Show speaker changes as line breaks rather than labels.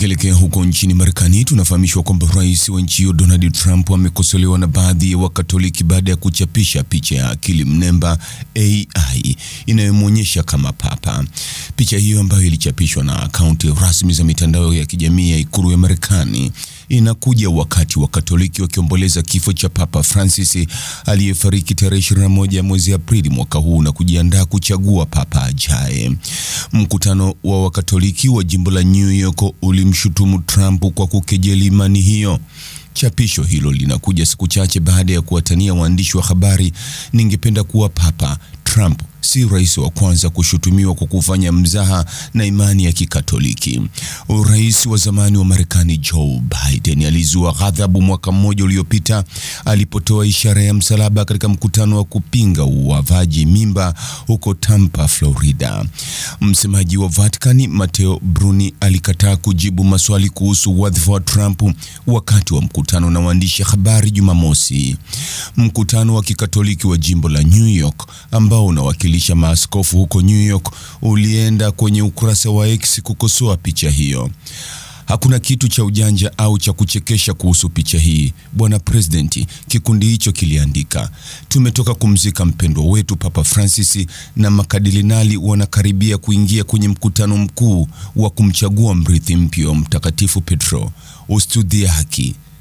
Tukielekea huko nchini Marekani, tunafahamishwa kwamba rais wa nchi hiyo Donald Trump amekosolewa na baadhi ya Wakatoliki baada ya kuchapisha picha ya akili mnemba AI inayomwonyesha kama papa. Picha hiyo ambayo ilichapishwa na akaunti rasmi za mitandao ya kijamii ya ikulu ya Marekani inakuja wakati wa katoliki wakiomboleza kifo cha Papa Francis aliyefariki tarehe 21 mwezi Aprili mwaka huu na kujiandaa kuchagua papa ajaye. Mkutano wa Wakatoliki wa jimbo la New York ulimshutumu Trump kwa kukejeli imani hiyo. Chapisho hilo linakuja siku chache baada ya kuwatania waandishi wa habari, ningependa kuwa papa, Trump si rais wa kwanza kushutumiwa kwa kufanya mzaha na imani ya Kikatoliki. Rais wa zamani wa Marekani Joe Biden alizua ghadhabu mwaka mmoja uliopita alipotoa ishara ya msalaba katika mkutano wa kupinga uwavaji mimba huko Tampa, Florida. Msemaji wa Vatican mateo Bruni alikataa kujibu maswali kuhusu wadhifa wa Trump wakati wa mkutano na waandishi habari Jumamosi. Mkutano wa Kikatoliki wa jimbo la New York ambao unawakili kuwakilisha maaskofu huko New York ulienda kwenye ukurasa wa X kukosoa picha hiyo. Hakuna kitu cha ujanja au cha kuchekesha kuhusu picha hii, Bwana President, kikundi hicho kiliandika. Tumetoka kumzika mpendwa wetu Papa Francis na makadilinali wanakaribia kuingia kwenye mkutano mkuu wa kumchagua mrithi mpya Mtakatifu Petro. Ustudiaki